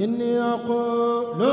inni aqulu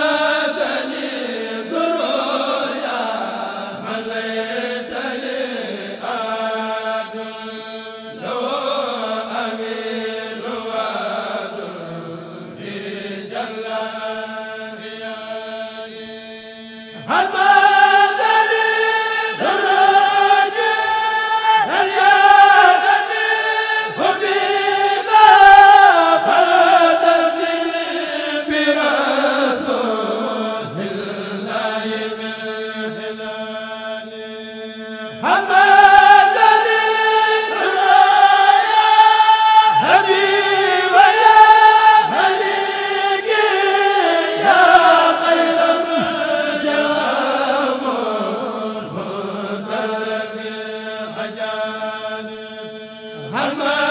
Muhammad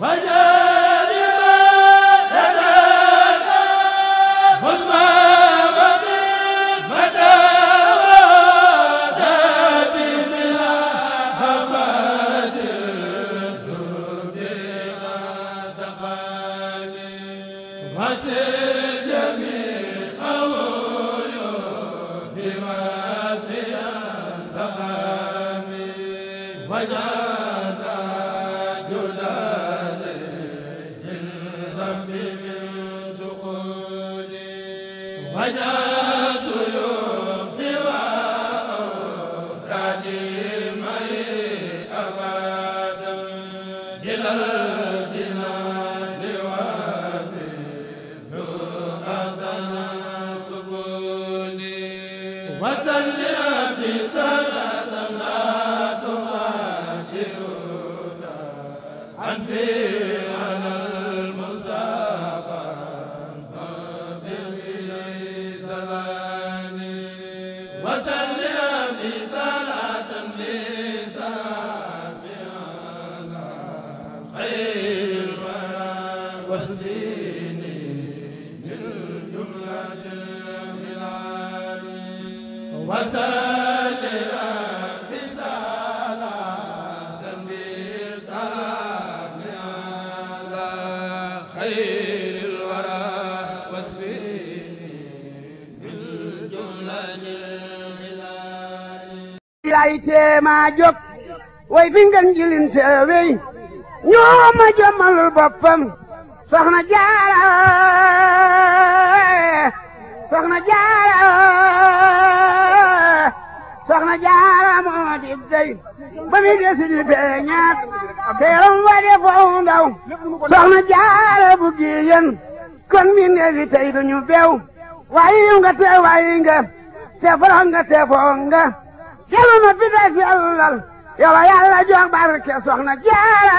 wajaa an fi lay tee maa jóg way fi ngeen jilin seewey ñoo ma jommalul boppam soxna Jaara day ba muy desi a beñaat te yaram wa de na ndaw soxna jaara bu giyen kon mi ne fi tey du ñu beew waaye yiw nga te nga te forox nga te foog nga jëlu ma fi des yàllal yow a yàlla jox barke soxna jaara